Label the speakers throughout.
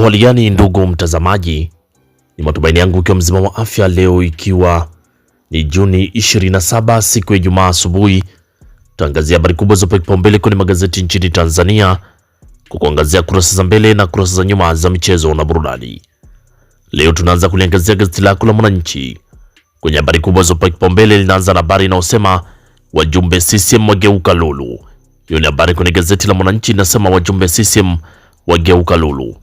Speaker 1: Uhaligani ndugu mtazamaji, ni matumaini yangu ukiwa mzima wa afya leo, ikiwa ni Juni 27 siku ya Ijumaa asubuhi, tutaangazia habari kubwa zopewa kipaumbele kwenye magazeti nchini Tanzania kwa kuangazia kurasa za mbele na kurasa za nyuma za michezo na burudani. Leo tunaanza kuliangazia gazeti lako la Mwananchi kwenye habari kubwa zopewa kipaumbele, linaanza na habari inayosema wajumbe CCM wageuka lulu. Hiyo ni habari kwenye gazeti la Mwananchi inasema wajumbe CCM wageuka lulu.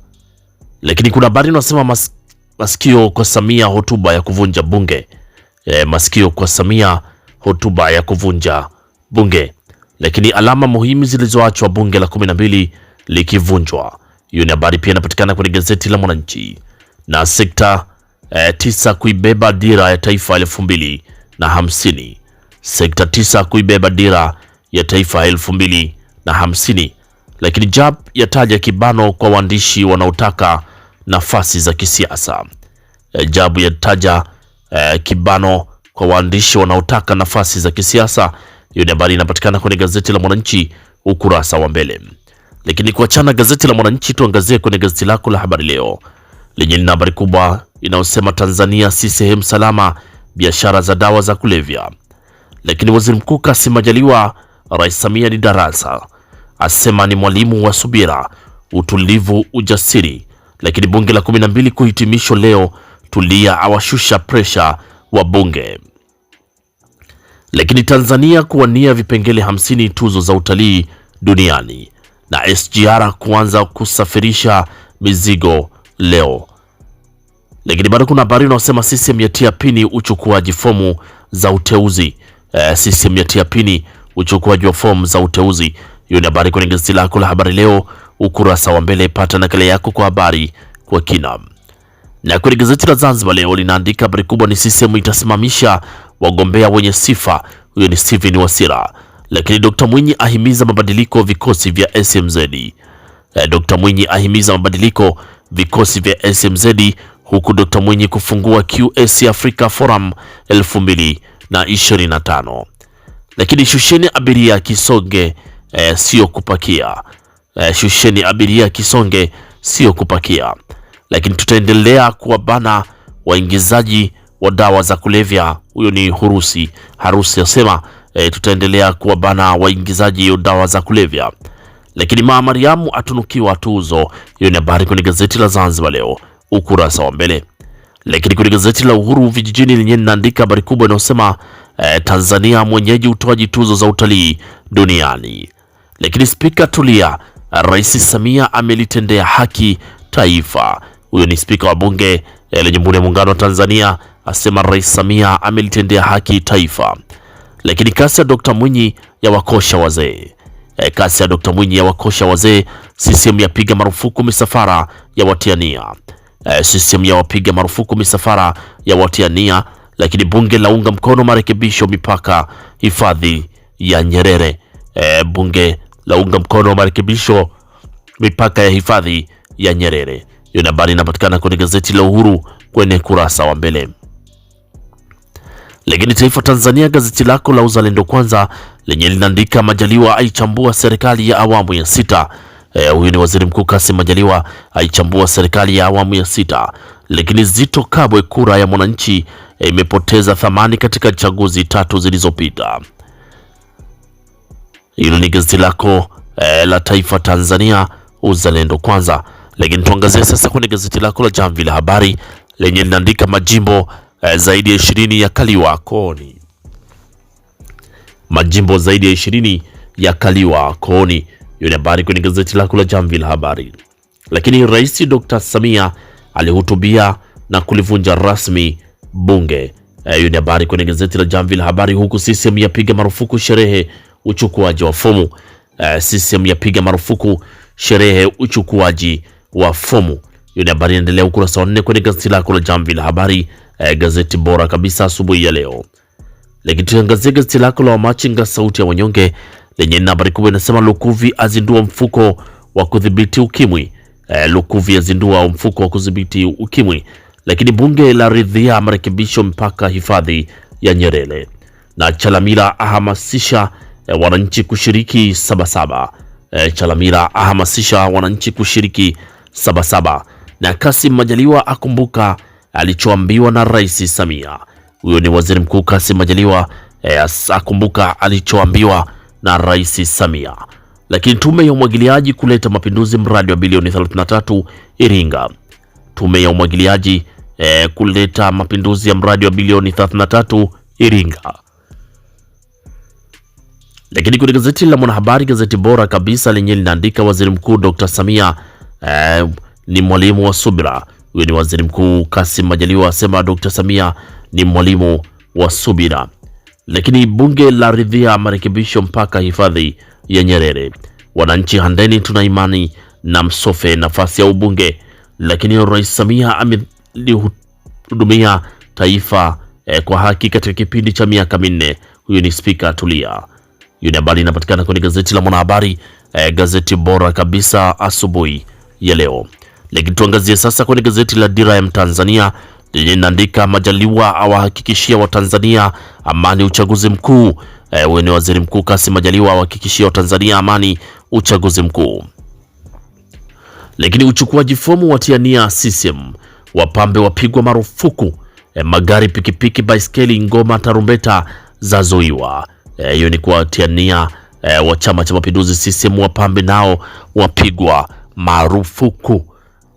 Speaker 1: Lakini kuna habari inasema mas, masikio kwa Samia hotuba ya kuvunja bunge. E, masikio kwa Samia hotuba ya kuvunja bunge. Lakini alama muhimu zilizoachwa bunge la kumi na mbili likivunjwa. Hiyo ni habari pia inapatikana kwenye gazeti la Mwananchi. Na sekta e, tisa kuibeba dira ya taifa elfu mbili na hamsini. Sekta tisa kuibeba dira ya taifa elfu mbili na hamsini. Lakini JAB yataja kibano kwa waandishi wanaotaka nafasi za kisiasa. Eh, Jabu yataja eh, kibano kwa waandishi wanaotaka nafasi za kisiasa. Hiyo ni habari inapatikana kwenye gazeti la Mwananchi ukurasa wa mbele. Lakini kuachana gazeti la Mwananchi, tuangazie kwenye gazeti lako la Habari Leo lenye lina habari kubwa inayosema Tanzania si sehemu salama biashara za dawa za kulevya. Lakini waziri mkuu Kassim Majaliwa, Rais Samia ni darasa, asema ni mwalimu wa subira, utulivu, ujasiri lakini bunge la 12 kuhitimishwa leo. Tulia awashusha presha wa bunge. Lakini Tanzania kuwania vipengele 50 tuzo za utalii duniani na SGR kuanza kusafirisha mizigo leo. Lakini bado kuna habari unaosema CCM yatia pini uchukuaji fomu za uteuzi. E, eh, CCM yatia pini uchukuaji wa fomu za uteuzi. Hiyo ni habari kwenye gazeti lako la habari leo ukurasa wa mbele. Pata nakala yako kwa habari kwa kina. Na kwenye gazeti la Zanzibar Leo linaandika habari kubwa ni CCM itasimamisha wagombea wenye sifa, huyo ni Steven Wasira. Lakini Dr. Mwinyi ahimiza mabadiliko vikosi vya SMZ. Eh, Dr. Mwinyi ahimiza mabadiliko vikosi vya SMZ huku Dr. Mwinyi kufungua QS Africa Forum 2025. Lakini shusheni abiria Kisonge, eh, sio kupakia eh, shusheni abiria Kisonge, sio kupakia. Lakini tutaendelea kuwabana waingizaji wa dawa za kulevya. Huyo ni Hurusi Harusi asema eh, tutaendelea kuwabana waingizaji wa dawa za kulevya. Lakini Mama Mariamu atunukiwa tuzo. Hiyo ni habari kwenye gazeti la Zanzibar Leo ukurasa wa mbele. Lakini kwenye gazeti la Uhuru vijijini lenye linaandika habari kubwa inayosema eh, Tanzania mwenyeji utoaji tuzo za utalii duniani. Lakini Spika Tulia Rais Samia amelitendea haki taifa. Huyo ni spika wa bunge eh, la Jamhuri ya Muungano wa Tanzania asema Rais Samia amelitendea haki taifa. Lakini kasi ya Dr. Mwinyi ya wakosha wazee e, kasi ya Dr. Mwinyi ya wakosha wazee. CCM yapiga marufuku misafara ya watiania e, eh, CCM yawapiga marufuku misafara ya watiania. Lakini bunge launga mkono marekebisho mipaka hifadhi ya Nyerere e, bunge launga mkono wa marekebisho mipaka ya hifadhi ya Nyerere. Hiyo ni habari inapatikana kwenye gazeti la Uhuru kwenye kurasa wa mbele. Lakini Taifa Tanzania, gazeti lako la Uzalendo Kwanza, lenye linaandika Majaliwa aichambua serikali ya awamu ya sita. E, huyu ni Waziri Mkuu Kassim Majaliwa aichambua serikali ya awamu ya sita. Lakini Zito Kabwe, kura ya mwananchi imepoteza e, thamani katika chaguzi tatu zilizopita. Hilo ni gazeti lako e, la Taifa Tanzania Uzalendo Kwanza. Lakini tuangazie sasa kwenye gazeti lako la Jamvi la Habari lenye linaandika majimbo e, zaidi ya ishirini ya kaliwa kooni, majimbo zaidi ya ishirini ya kaliwa kooni. Hiyo ni habari kwenye gazeti lako la Jamvi la Habari. Lakini Rais Dr. Samia alihutubia na kulivunja rasmi bunge. Eh, hiyo ni habari kwenye gazeti la Jamvi la Habari, huku CCM yapiga marufuku sherehe uchukuaji wa fomu. Uh, eh, CCM yapiga marufuku sherehe uchukuaji wa fomu. Hiyo ni habari inaendelea ukurasa wa nne kwenye gazeti lako la Jamvi la Habari, uh, gazeti bora kabisa asubuhi ya leo. Lakini tuangazie gazeti lako la Wamachinga sauti ya wanyonge lenye na habari kubwa inasema Lukuvi azindua mfuko wa kudhibiti ukimwi. Uh, Lukuvi azindua mfuko wa kudhibiti ukimwi. Lakini bunge la ridhia marekebisho mpaka hifadhi ya Nyerere na Chalamila ahamasisha Eh, wananchi kushiriki Sabasaba. E, Chalamira ahamasisha wananchi kushiriki Sabasaba, na Kasim Majaliwa akumbuka alichoambiwa na Rais Samia. Huyo ni Waziri Mkuu Kasim Majaliwa e, akumbuka alichoambiwa na Rais Samia. Lakini tume ya umwagiliaji kuleta mapinduzi mradi wa bilioni 33 Iringa. Tume ya umwagiliaji e, kuleta mapinduzi ya mradi wa bilioni 33 Iringa. Lakini kwenye gazeti la Mwanahabari, gazeti bora kabisa lenye linaandika waziri mkuu Dr. Samia eh, ni mwalimu wa subira. Huyo ni waziri mkuu Kasim Majaliwa asema Dr. Samia ni mwalimu wa subira. Lakini bunge la ridhia marekebisho mpaka hifadhi ya Nyerere. Wananchi Handeni tuna imani na Msofe nafasi ya ubunge. Lakini Rais Samia amelihudumia taifa eh, kwa haki katika kipindi cha miaka minne. Huyo ni Spika Tulia. Hiyo habari inapatikana kwenye gazeti la Mwanahabari, eh, gazeti bora kabisa asubuhi ya leo. Lakini tuangazie sasa kwenye gazeti la Dira ya Mtanzania lenye inaandika Majaliwa awahakikishia Watanzania amani uchaguzi mkuu. Eh, huyu e, ni waziri mkuu Kassim Majaliwa awahakikishia Watanzania amani uchaguzi mkuu. Lakini uchukuaji fomu watia nia CCM, wapambe wapigwa marufuku. eh, magari, pikipiki, baiskeli, ngoma, tarumbeta zazuiwa. Eh, hiyo e, ni kuwatia nia e, wa Chama cha Mapinduzi CCM wapambe nao wapigwa marufuku.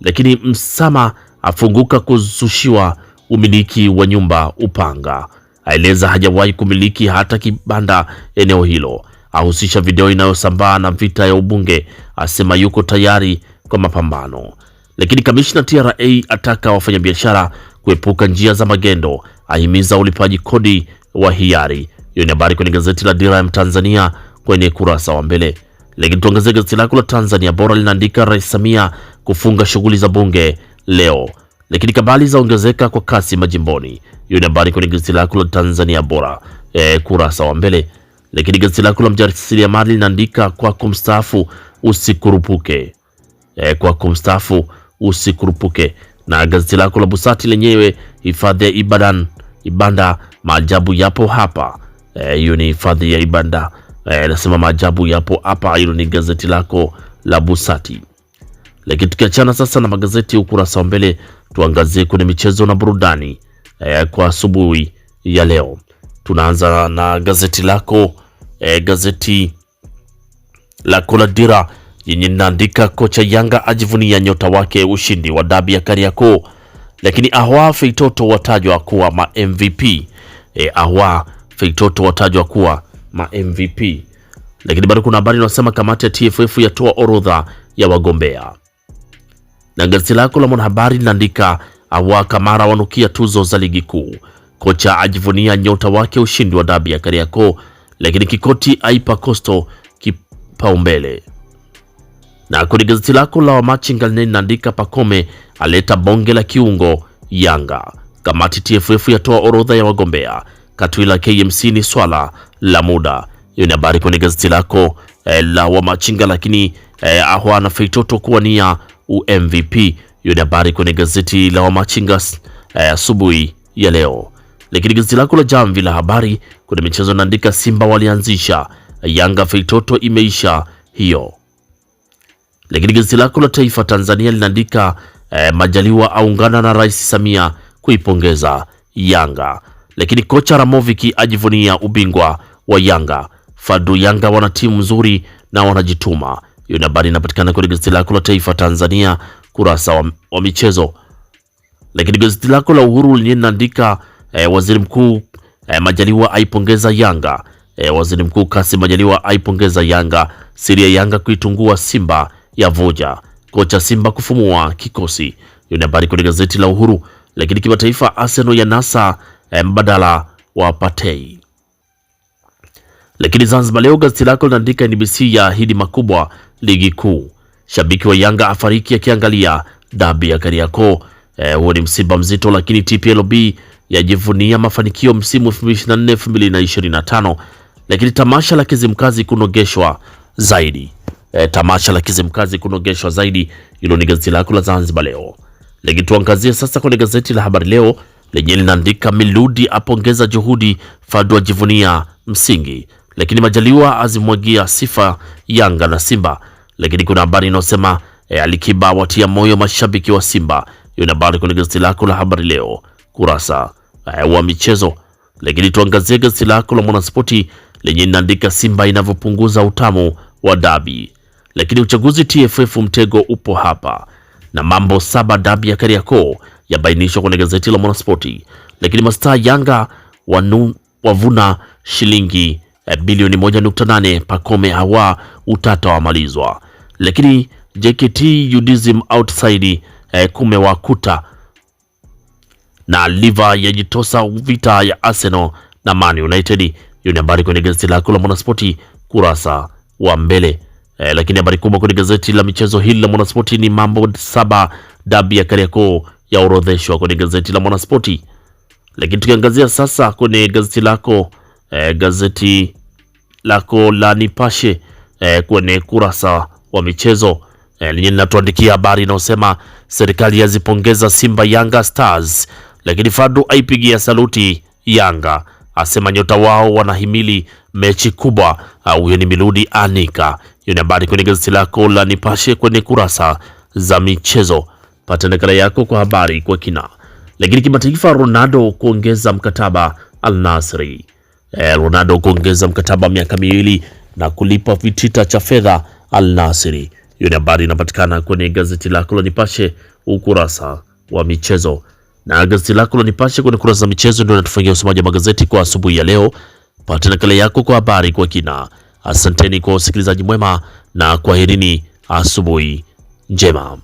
Speaker 1: Lakini Msama afunguka kuzushiwa umiliki wa nyumba Upanga, aeleza hajawahi kumiliki hata kibanda eneo hilo, ahusisha video inayosambaa na vita ya ubunge, asema yuko tayari kwa mapambano. Lakini kamishna TRA ataka wafanyabiashara kuepuka njia za magendo, ahimiza ulipaji kodi wa hiari hiyo ni habari kwenye gazeti la Dira ya Mtanzania kwenye kurasa wa mbele. Lakini tuangazie gazeti lako la Tanzania Bora linaandika Rais Samia kufunga shughuli za bunge leo, lakini kabali zaongezeka kwa kasi majimboni. Hiyo ni habari kwenye gazeti lako la Tanzania Bora e, kurasa wa mbele. Lakini gazeti lako la Mjasiriamali linaandika kwa kumstaafu usikurupuke, e, eh, kwa kumstaafu usikurupuke. Na gazeti lako la Busati lenyewe hifadhi ya Ibadan Ibanda, maajabu yapo hapa Eh, hiyo e, ni hifadhi ya Ibanda anasema eh, e, maajabu yapo hapa. Hilo ni gazeti lako la Busati. Lakini tukiachana sasa na magazeti ya ukurasa wa mbele, tuangazie kwenye michezo na burudani e, kwa asubuhi ya leo. Tunaanza na gazeti lako e, gazeti lako la Dira yenye inaandika kocha Yanga ajivunia nyota wake ushindi wa dabi ya Kariakoo, lakini ahwa Feitoto watajwa kuwa ma MVP. E, ahwa Feitoto watajwa kuwa ma MVP. Lakini bado kuna habari inasema kamati ya TFF yatoa orodha ya wagombea, na gazeti lako la Mwanahabari linaandika awa Kamara wanukia tuzo za ligi kuu, kocha ajivunia nyota wake ushindi wa dabi ya Kariakoo, lakini Kikoti aipa Coastal kipaumbele na kwenye gazeti lako la Wamachinga linaandika Pakome aleta bonge la kiungo Yanga, kamati TFF yatoa orodha ya wagombea, katui la KMC ni swala la muda. Hiyo ni habari kwenye gazeti lako eh, la Wamachinga, lakini eh, ahwa Ahwana Feitoto kuwania UMVP. Hiyo ni habari kwenye gazeti la Wamachinga eh, asubuhi eh, ya leo. Lakini gazeti lako la Jamvi la Habari kwenye michezo naandika Simba walianzisha Yanga, Feitoto imeisha hiyo. Lakini gazeti lako la Taifa Tanzania linaandika eh, Majaliwa aungana na Rais Samia kuipongeza Yanga lakini kocha Ramovic ajivunia ubingwa wa Yanga. Fadu Yanga wana timu nzuri na wanajituma. Hiyo ni habari inapatikana kwenye gazeti lako la Taifa Tanzania kurasa wa, wa michezo. Lakini gazeti lako la Uhuru linaandika eh, waziri mkuu eh, Majaliwa aipongeza Yanga. Eh, waziri mkuu Kassim Majaliwa aipongeza Yanga. Siri ya Yanga kuitungua Simba ya voja kocha Simba kufumua kikosi. Hiyo ni habari kwenye gazeti la Uhuru. Lakini kimataifa, Arsenal ya nasa Eh, mbadala wa Patei. Lakini Zanzibar Leo gazeti lako linaandika NBC ya ahidi makubwa ligi kuu, shabiki wa Yanga afariki akiangalia dabi ya Kariakoo. Eh, huo ni msiba mzito, lakini TPLB yajivunia mafanikio msimu 2024 2025. Lakini tamasha la Kizimkazi kunogeshwa zaidi e, tamasha la Kizimkazi kunogeshwa zaidi. Hilo ni gazeti lako la Zanzibar Leo, lakini tuangazie sasa kwenye gazeti la Habari Leo lenye linaandika Miludi apongeza juhudi, Fadu ajivunia msingi, lakini Majaliwa azimwagia sifa Yanga na Simba. Lakini kuna habari inayosema e, Alikiba watia moyo mashabiki wa Simba. Hiyo ni habari kwenye gazeti lako la habari leo kurasa e, wa michezo. Lakini tuangazie gazeti lako la Mwanaspoti lenye linaandika Simba inavyopunguza utamu wa dabi, lakini uchaguzi TFF mtego upo hapa na mambo saba dabi ya Kariakoo yabainishwa kwenye gazeti la Mwanaspoti. Lakini mastaa Yanga wanu, wavuna shilingi e, bilioni 1.8 Pakome hawa utata wamalizwa. Lakini JKT Judism outside eh, kume wakuta na liva yajitosa vita ya Arsenal na Man United. Hiyo ni habari kwenye gazeti lako la Mwanaspoti kurasa wa mbele. E, lakini habari kubwa kwenye gazeti la michezo hili la Mwanaspoti ni mambo saba dabi ya Kariakoo yaorodheshwa kwenye gazeti la Mwanaspoti. Lakini tukiangazia sasa kwenye gazeti lako eh, gazeti lako la Nipashe eh, kwenye kurasa wa michezo eh, lenye linatuandikia habari inayosema serikali yazipongeza Simba Yanga Stars, lakini Fadu aipigia saluti Yanga asema nyota wao wanahimili mechi kubwa. Ah, huyo ni Miludi Anika. Hiyo ni habari kwenye gazeti lako la Nipashe kwenye kurasa za michezo. Pata nakala yako kwa habari kwa kina. Lakini kimataifa, Ronaldo kuongeza mkataba Al Nasri. E, Ronaldo kuongeza mkataba miaka miwili na kulipa vitita cha fedha Al Nasri. Hiyo ni habari inapatikana kwenye gazeti lako la Nipashe ukurasa wa michezo, na gazeti lako la Nipashe kwenye kurasa za michezo ndio natufungia usomaji wa magazeti kwa asubuhi ya leo. Pata nakala yako kwa habari kwa kina. Asanteni kwa usikilizaji mwema na kwaherini, asubuhi njema.